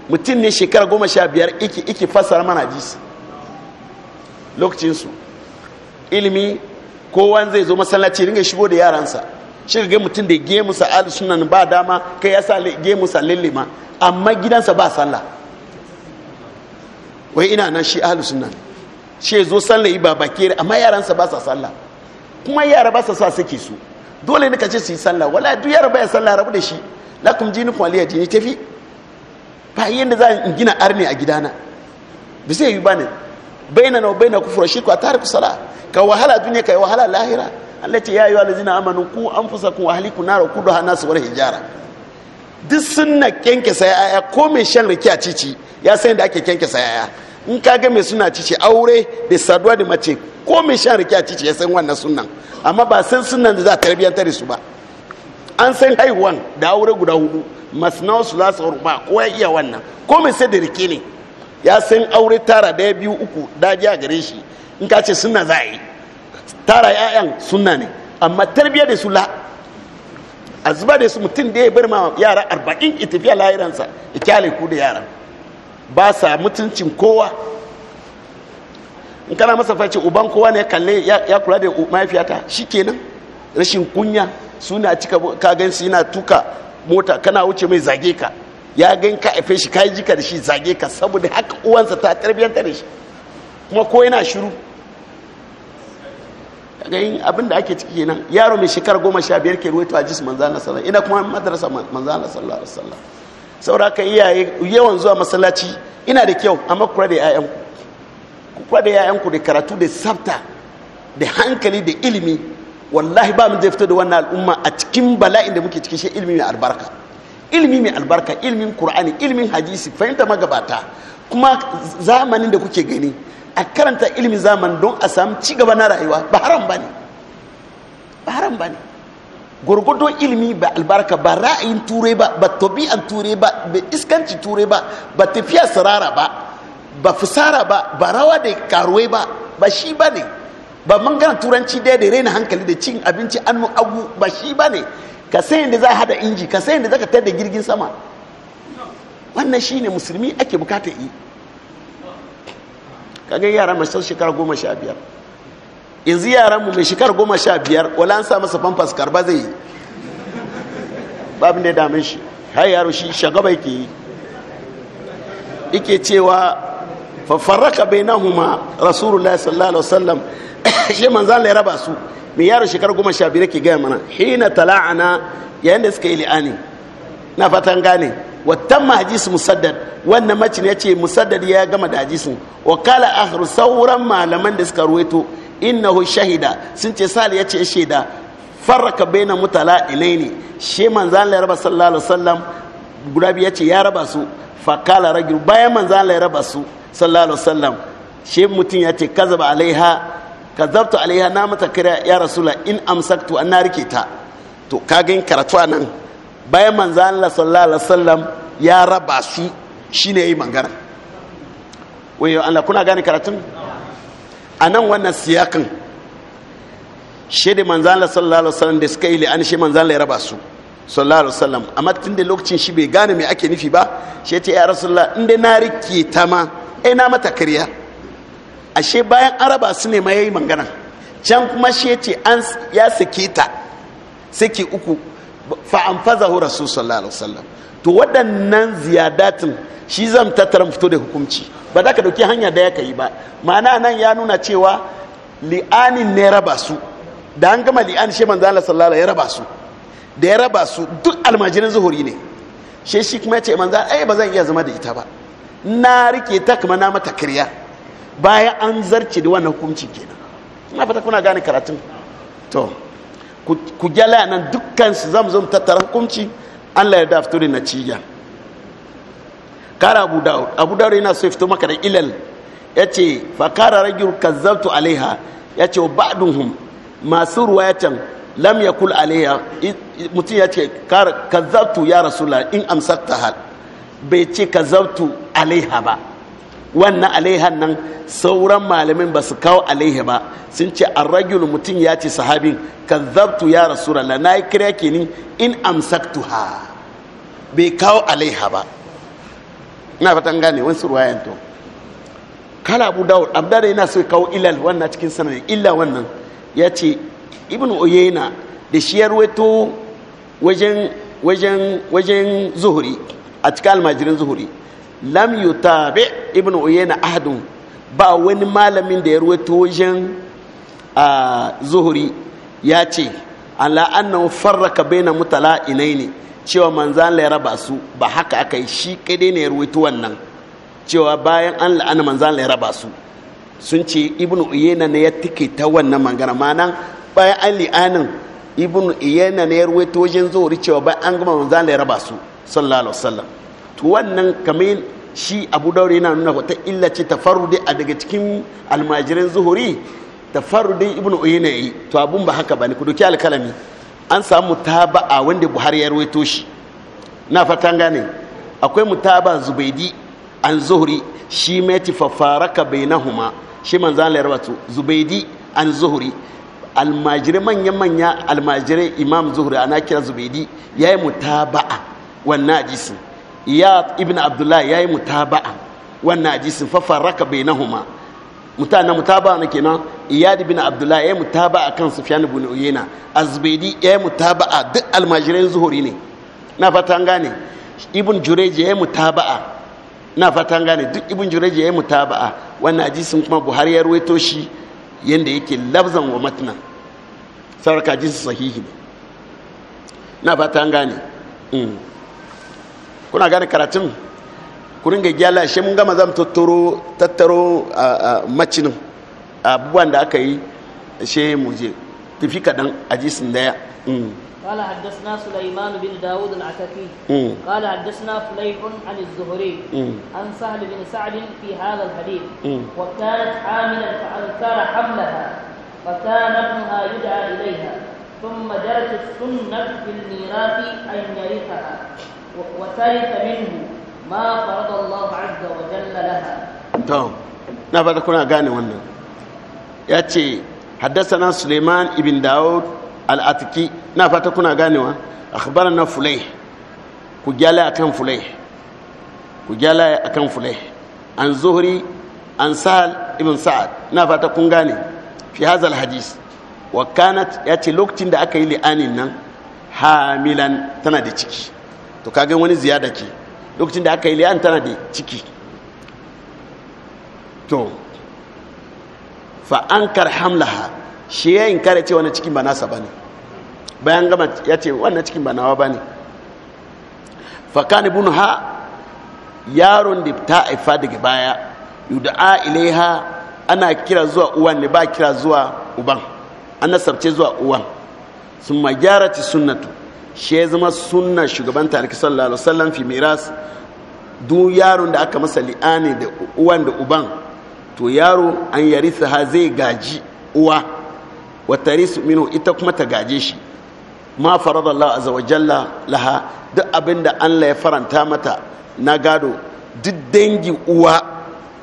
mutum ne shekara goma sha biyar iki iki fassara mana jisi lokacinsu ilimi kowa zai zo masallaci ringa shigo da yaransa shi ga mutum da gemu sa alu sunan ba dama kai ya sa gemu sa lillima amma gidansa ba sallah wai ina nan shi alu sunan shi zo sallah ba bakere amma yaransa ba sa sallah kuma yara ba sa sa suke su dole ne ka ce su yi sallah wala duk yara baya sallah rabu da shi lakum jinukum aliya jini tafi ba yanda za in gina arne a gidana ba sai yi ba ne baina wa baina kufura shirku a tariku sala ka wahala duniya ka wahala lahira Allah ce ya yi wa amanu ku an fusa kun wahali ku nara ku doha nasu wani hijara duk suna kyanke sayaya ko mai shan rike a cici ya sayan da ake kyanke sayaya in ka ga mai suna cici aure da saduwa da mace ko mai shan rike a cici ya san wannan sunan amma ba san sunan da za a tarbiyyantar su ba an san haihuwan da aure guda hudu masna wasu lasa ba ko ya iya wannan ko mai sai da rike ne ya san aure tara daya biyu uku daji a gare shi in ka ce suna za a yi tara ya'yan suna ne amma tarbiyyar da su la a zuba da su mutum da ya bar ma yara arba'in ita fiye lahiransa ya kyale ku da yaran ba sa mutuncin kowa in kana masa face uban kowa ne kalle ya kula da mahaifiyata kenan rashin kunya suna cika kagan su yana tuka mota kana wuce mai zage ka ya gan ka efe shi ka yi jika shi zage ka saboda haka uwansa ta tarbiyyantar da shi kuma ko yana shiru ganin abin da ake ciki kenan yaro mai shekar goma sha biyar ke ruwaito a jisu manzana sallah, ina kuma madarasa manzana sallah. alaihi wasallam saboda ka iyaye yawan zuwa masallaci ina da kyau amma kura da 'ya'yanku kura da ya'yanku da karatu da sabta da hankali da ilimi wallahi ba mu zai fito da wannan al'umma a cikin bala'in da muke cikin shi ilimi mai albarka ilimi mai albarka ilimin kur'ani ilimin hadisi fahimta magabata kuma zamanin da kuke gani a karanta ilimin zaman don a samu cigaba na rayuwa ba haram ba ne ba haram ba ne gwargwado ilimi ba albarka ba ra'ayin turai ba ba tabi'an turai ba ba iskanci turai ba ba tafiya sarara ba ba fusara ba ba rawa da karuwai ba ba shi ba ne ba mangana turanci daya da raina hankali da cin abinci annu abu ba shi ba ne ka san yadda za a hada inji ka san yadda za ka tar da jirgin sama wannan shine musulmi ake bukata yi kaga yara masu shekara goma sha biyar yanzu yaran mu mai shekara goma sha biyar wala an sa masa famfas karba zai yi babin da ya dame shi har yaro shi shagaba yake yi yake cewa fafarraka bainahuma rasulullah sallallahu alaihi wasallam shi manzan lai raba su mai yaro shekara goma sha biyar ke gaya mana hina tala'ana yayin da suka yi li'ani na fatan gane wattan ma musaddad wannan macin ya ce musaddad ya gama da hajji su wa kala ahru sauran malaman da suka ruwaito innahu shahida sun ce sali ya ce shaida farraka baina mutala ilaini shi manzan Allah ya raba sallallahu alaihi wasallam guda biya ce ya raba su fa kala rajul bayan manzan Allah raba su sallallahu alaihi wasallam shi mutum ya ce kazaba alaiha kazabtu alaiha na mata kira ya rasula in amsaktu an na rike ta to kaga yin karatu a nan bayan manzo Allah sallallahu alaihi wasallam ya raba su shine yayi magana wayo Allah kuna gane karatun a nan wannan siyakan shi da manzo Allah sallallahu alaihi wasallam da suka yi an shi manzo Allah ya raba su sallallahu alaihi wasallam amma tun da lokacin shi bai gane me ake nufi ba shi ya ce ya rasulullah in dai na rike ta ma ai eh, na mata kariya ashe bayan araba su ne ma ya yi magana can kuma shi ce an ya sake ta saki uku fa an fazahu sallallahu alaihi wasallam to waɗannan ziyadatin shi zan tattara fito da hukunci ba za ka dauki hanya da ya yi ba ma'ana nan ya nuna cewa li'anin ne raba su da an gama li'anin shi manzan Allah sallallahu alaihi ya raba su da ya raba su duk almajirin zuhuri ne shi shi kuma ya ce manzan ai ba zan iya zama da ita ba na rike ta kuma na mata kirya baya an zarci da wannan hukunci kenan ina fata kuna gane karatun to ku gyala nan dukkan su zamu zamu tattara hukunci Allah ya da fito da natija kara abu daud abu daud yana so ya fito maka da ilal ce fa kara rajul kazzabtu alaiha ce ba' ba'duhum masu can lam yakul alaiha mutum ya ce kazzabtu ya rasulullah in amsar ta hal bai ce kazzabtu alaiha ba wannan alaihan nan sauran malamin ba su kawo alaihi ba sun ce arragul mutum ya ce sahabin kazzabtu ya rasu na yi kira kenan in ha bai kawo alaiha ba na fatan gane wani surwayan to kala abu dawud abdara yana so kawo ilal wannan cikin sanar illa wannan ya ce ibn oyena da shi ya wajen wajen zuhuri a cikin almajirin zuhuri lam yutabi ibn uyayna ahadun ba wani malamin da ya ruwaito wajen a zuhuri ya ce ala annahu farraka baina mutala'inaini cewa manzan la ya raba su ba haka aka yi shi kadai ne ya ruwaito wannan cewa bayan an la'ana manzan la ya raba su sun ce ibnu uyena ne ya tike ta wannan magana ma'ana bayan an li'anin ibnu uyena ne ya ruwaito wajen zuhuri cewa bayan an gama manzan la ya raba su sallallahu alaihi wasallam to wannan kamar shi abu daure yana nuna wata ta ce tafarudi a daga cikin almajirin zuhuri ta tafarudi ibnu uyayna yi to abun ba haka ba ne ku doki alkalami an samu a wanda buhari ya rawaito shi na fatan gane akwai mutaba zubaidi an zuhuri shi mai na huma shi man zan ya rawaito zubaidi an zuhuri almajire manya-manya almajire imam zuhuri ana kira zubaidi ya yi mutaba'a wannan hadisin iyad ibn abdullahi yayi mutaba'a wannan hadisin fa farraka bainahuma mutana mutaba'a ne kenan iyad ibn abdullahi yayi mutaba'a kan sufyan ibn uyayna azbaydi yayi mutaba'a duk almajirin zuhuri ne na fatan gane ibn jurayj yayi mutaba'a na fatan gane duk ibn jurayj yayi mutaba'a wannan hadisin kuma buhari ya ruwaito shi yanda yake lafzan wa matnan sarka hadisi sahihi ne na fatan gane mm. kuna gane karatun ku ringa gyala shi mun gama zan tattaro tattaro macinin abubuwan da aka yi shi mu je tafi kaɗan a jisin daya قال حدثنا سليمان بن داود العتكي قال حدثنا فليح عن الزهري عن سهل بن سعد في هذا الحديث وكانت عاملا فأنكر حملها فكان ابنها يدعى إليها ثم جرت السنة في الميراث أن يرثها وسلف منه ما فرض الله عز وجل لها تمام na fata kuna gane wannan ya ce haddasana suleiman ibn daud al'atiki na fata kuna ganewa akhbar na fulai ku gyala akan fulai ku gyala akan fulai an zuhri an sahal ibn sa'ad na fata kun gane fi hazal hadis wa kanat ya ce lokacin da aka yi li'anin nan hamilan tana da ciki to kaga wani ziyada ke lokacin da aka yi liyan tana da ciki to fa’ankar hamlaha shi ya in kare ce wannan cikin ba nasa bane bayan gama ya ce wannan cikin ba nawa bane fa kan ha yaron da ta haifa daga baya yud'a ilaiha ana kira zuwa uwan ne ba kira zuwa uban an nasarce zuwa uwan sun magyara ci sunnatu shi ya zama sunna shugaban tariki sallallahu alaihi wasallam fi miras duk yaron da aka masa li'ani da uwan da uban to yaro an yarisa ha zai gaji uwa wa tarisu minu ita kuma ta gaje shi ma faradallahu azza wa jalla laha duk abinda Allah ya faranta mata na gado duk dangi uwa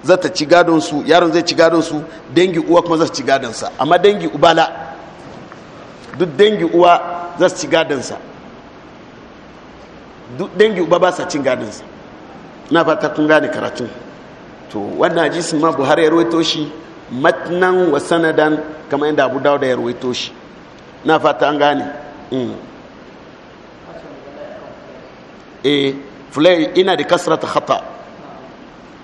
za ta ci gadon su yaron zai ci gadon su dangi uwa kuma za su ci gadon sa amma dangi ubala duk dangi uwa za su ci gadon sa duk dangi uba ba sa cin gadinsa na fata kun gane karatu to wannan hadisi ma buhari ya rawaito shi matnan wa sanadan kamar yadda abu da ya rawaito shi na fata an gane mm. eh fulai ina da kasrata khata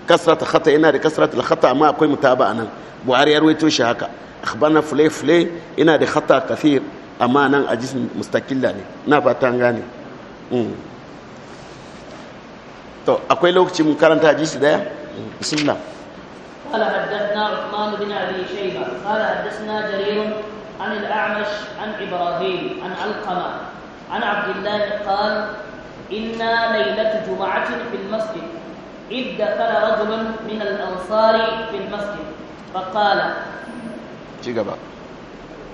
kasrata khata ina da kasrata khata amma akwai mutaba anan buhari ya rawaito shi haka akhbarna fulai fulai ina da khata kathir amma nan a jisin mustakilla ne na fata an gane mm. to akwai lokaci mun karanta hadisi daya bismillah قال حدثنا عثمان بن ابي شيبه قال حدثنا جرير عن الاعمش عن ابراهيم عن علقمه عن عبد الله قال انا ليله جمعه في المسجد اذ دخل رجل من الانصار في المسجد فقال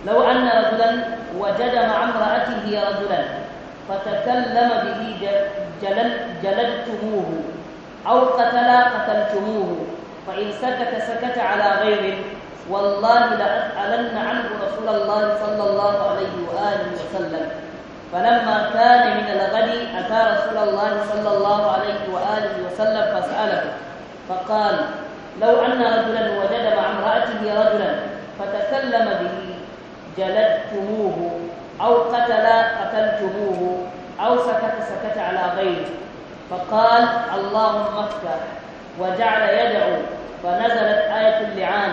لو ان رجلا وجد مع امراته رجلا فتكلم به جلدتموه أو قتل قتلتموه فإن سكت سكت على غيره والله لأسألن عنه رسول الله صلى الله عليه وآله وسلم فلما كان من الغد أتى رسول الله صلى الله عليه وآله وسلم فسأله فقال لو أن رجلا وجد مع امرأته رجلا فتكلم به جلدتموه أو قتل قتلتموه أو سكت سكت على غيره فقال اللهم افتح وجعل يدعو فنزلت آية اللعان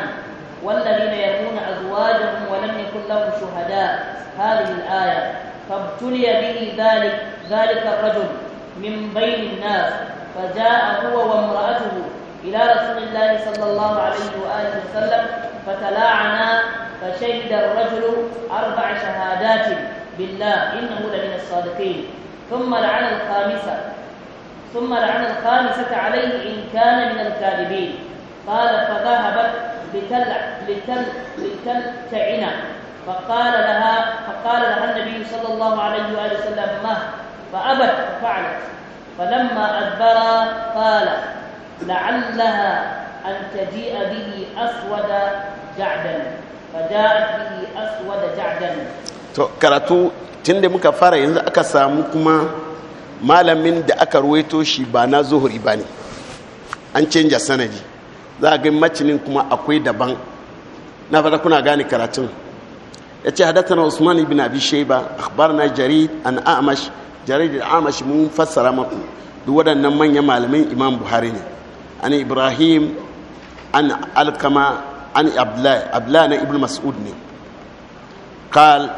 والذين يكون أزواجهم ولم يكن لهم شهداء هذه الآية فابتلي به ذلك ذلك الرجل من بين الناس فجاء هو وامرأته إلى رسول الله صلى الله عليه وآله وسلم فتلاعنا فشهد الرجل أربع شهادات بالله إنه لمن الصادقين ثم لعن الخامسة ثم لعن الخامسة عليه إن كان من الكاذبين قال فذهبت لتلع لتلع لتلتعن فقال لها فقال لها النبي صلى الله عليه وآله وسلم ما فأبت ففعلت فلما أدبر قال لعلها أن تجيء به أسود جعدا فجاءت به أسود جعدا karatu tun da muka fara yanzu aka samu kuma malamin da aka ruwaito shi ba na zuhuri ba ne an canja sanadi za a ga macinin kuma akwai daban na fata kuna gane karatun ya ce na usman ibn abi shaiba na jarid an amash jari da amash mun fassara maku duk waɗannan manyan malamin imam buhari ne an ibrahim an alkama an abla na ibn mas'ud ne qal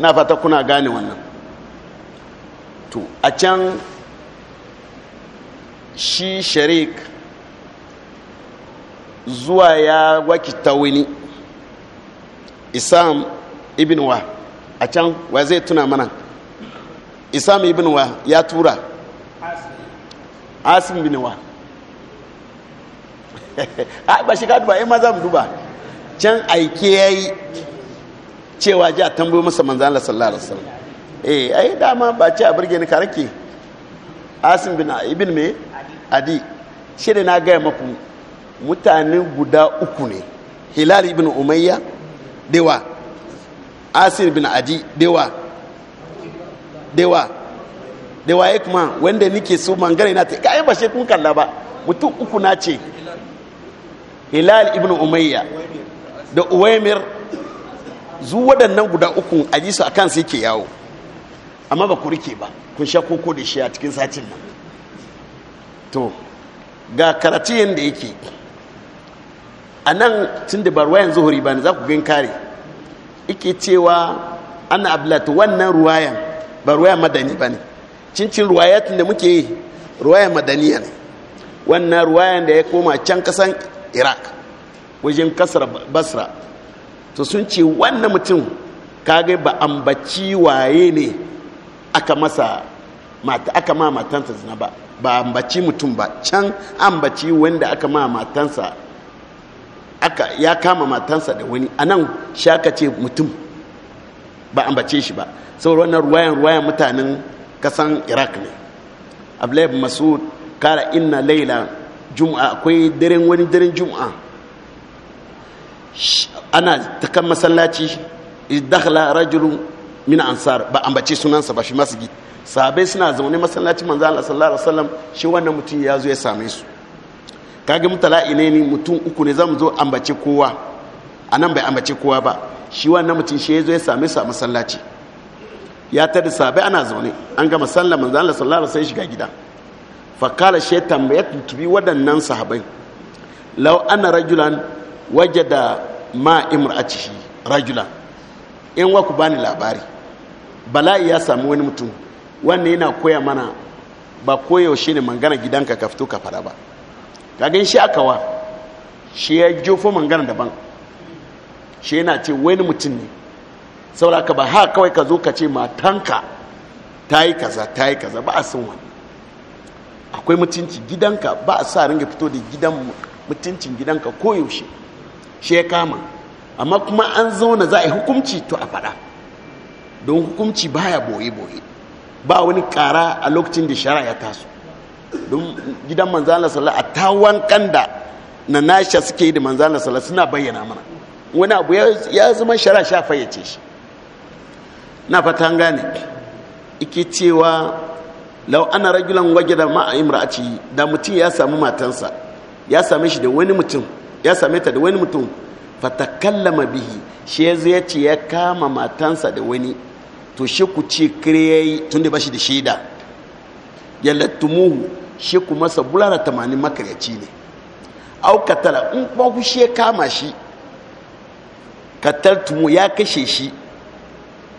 na fata kuna gane wannan to a can shi sharik zuwa ya wakita wani isam ibn wa a can wa zai tuna mana isam ibn wa ya tura asim ibn wa ba shi ka duba ya maza duba can aike ya yi cewa ji a tambayi masa manzan Allah sallallahu alaihi wasallam eh ai dama ba ce a burge ni karake asim bin ibn me adi shi ne na gaya maku mutane guda uku ne hilal ibn umayya dewa asim bin adi dewa dewa dewa ya kuma wanda nike so mangare na ta kai ba shi kun kalla ba mutum uku na ce hilal ibn umayya da uwaimir zu waɗannan guda uku a ji su a kansu yake yawo amma ba ku rike ba kun sha koko da shi a cikin satin nan to ga karatu yadda yake a nan tun da barwa yanzu hori ba ne za ku gan kare ike cewa ana ablat wannan ruwayan ba ruwayan madani ba ne cincin tun da muke yi ruwayan madaniya ne wannan ruwayan da ya koma can kasan iraq wajen kasar basra to sun ce wannan mutum kaga ba ambaci waye ne aka masa mata aka ma matansa zina ba ba ambaci mutum ba can ambaci wanda aka ma matansa aka ya kama matansa da wani anan shaka ce mutum ba ambace shi ba saboda wannan ruwayan ruwayan mutanen kasan iraq ne abdullahi bin masud kara inna laila juma'a akwai daren wani daren juma'a ana ta kan masallaci idakhla rajulun min ansar ba bace sunansa ba shi masjid sahabai suna zaune masallaci manzo Allah sallallahu alaihi wasallam shi wannan mutum ya zo ya same su kage mutala'i ne ni mutum uku ne zamu zo bace kowa anan bai bace kowa ba shi wannan mutum shi ya zo ya same su a masallaci ya tada sahabai ana zaune an gama sallar manzo Allah sallallahu alaihi wasallam shiga gida fa kala shi tambayatu tubi wadannan sahabai law ana rajulan wajada ma imra'atihi rajula in waku ku bani labari bala'i ya sami wani mutum wannan yana koya mana ba koyaushe ne mangana gidanka ka fito ka fara ba kagan shi aka wa shi ya jofo mangana daban shi yana ce wani mutum ne sauraka ba ha kawai ka zo ka ce matanka ta yi kaza ta yi kaza ba a san wani akwai mutunci gidanka ba a sa ringa fito da gidan mutuncin gidanka koyaushe shi ya kama amma kuma an zauna za a yi hukumci to a faɗa don hukumci baya boye-boye ba wani kara a lokacin da shara ya taso don gidan manzana sala a tawon kanda na nasha suke yi da manzana sala suna bayyana mana wani abu ya zama shara sha fayyace shi na fatan gane ike cewa lau ana rajulan wage da ma'a imra'aci da mutum ya sami matansa ya same shi da wani mutum ya same ta da wani mutum fatakallama bihi shi ya zai ya ce ya kama matansa da wani to shi ku ce kire tun da bashi da shaida ya lattumuhu shi ku masa bulara tamanin makaryaci ne au katala in kuma shi ya kama shi tumu ya kashe shi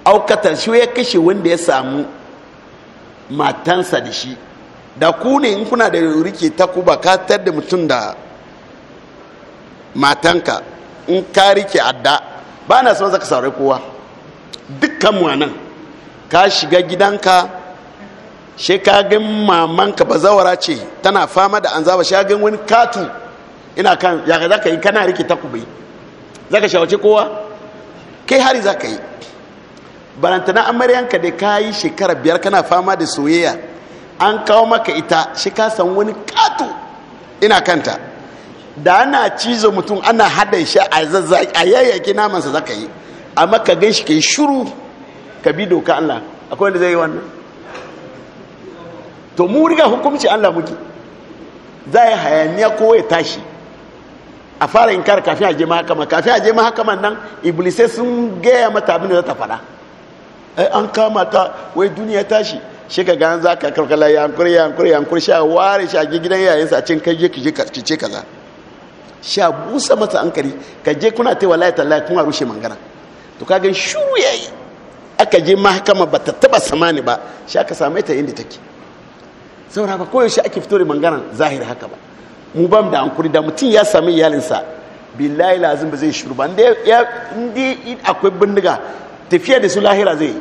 au katal shi ya kashe wanda ya samu matansa da shi da ku ne in kuna da rike takuba katar da mutum da matanka in ka rike adda ba na son zaka saurari kowa dukkan mu nan ka shiga gidanka shekagin mamanka ba zawara ce tana fama da an zaba shagin wani katu ina kan ya za ka yi kana rike takubai za ka shawarci kowa kai hari za ka yi barantana amaryanka da ka yi shekara biyar kana fama da soyayya an kawo maka ita shi ka san wani katu ina kanta da ana cizo mutum ana haɗa shi a zazzaki a yayyaki namansa zaka yi amma ka gan shi ka yi shuru ka bi doka Allah akwai wanda zai yi wannan to mu riga hukumci Allah muke za a yi hayaniya ko ya tashi a fara in kara kafin a je mahakama kafin a je mahakama nan iblise sun gaya mata abin da za ta fada ai an kama ta wai duniya tashi shi ka gan za ka karkala yankuri yankuri yankuri sha ware sha gidan yayinsa a cin kai je ki ce kaza sha busa masa hankali ka je kuna ta wallahi tallahi kuma rushe mangana to kaga shuru yayi aka je mahakama ba ta taba samani ba sha ka same ta inda take saboda ba koyaushe ake fito da mangana zahiri haka ba mu bam da hankuri da mutum ya sami iyalinsa billahi lazim ba zai shuru ba inda akwai bindiga tafiya da su lahira zai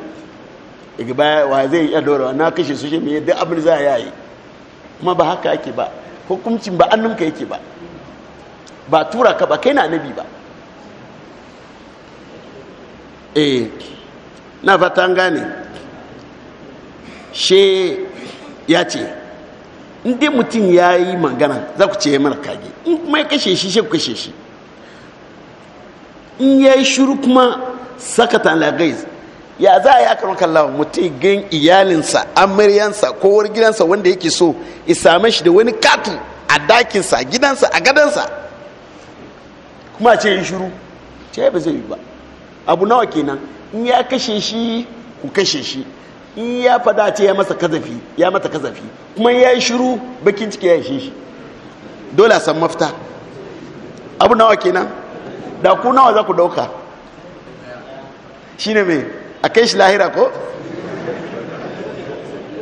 yi baya wa zai iya dorawa na kashe su shi mai yadda abin za a yayi kuma ba haka ake ba hukuncin ba annunka yake ba ba tura ka ba kai na nabi ba eh na fatan gane she ya ce inda mutum ya yi magana za ku ce ya mara kage in mai kashe shi shi kashe shi in ya yi shuru kuma sakata lagais ya za a yi aka maka lawa mutum gan iyalinsa amaryansa kowar gidansa wanda yake so ya same shi da wani katu a dakinsa gidansa a gadansa kuma ce yi shiru ce ba zai yi ba abu nawa kenan in ya kashe shi ku kashe shi in ya fada ce ya masa kazafi ya mata kazafi kuma ya yi shiru bakin ciki ya yi shi dole a san mafita abu nawa kenan da ku nawa za ku dauka ne mai a kai shi lahira ko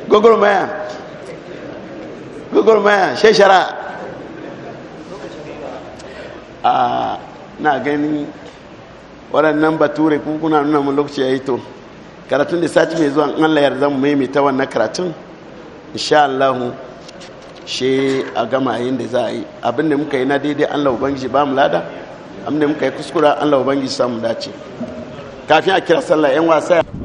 gogoro maya gogoro maya sheshara a na gani waɗannan bature ku kuna nuna mun lokaci ya yi to karatun da sati mai zuwa an layar zan maimaita wannan karatun insha Allah she a gama yin da za a yi abin da muka yi na daidai Allah ubangiji ba mu lada abin da muka yi kuskura Allah ubangiji samu dace kafin a kira sallah yan wasa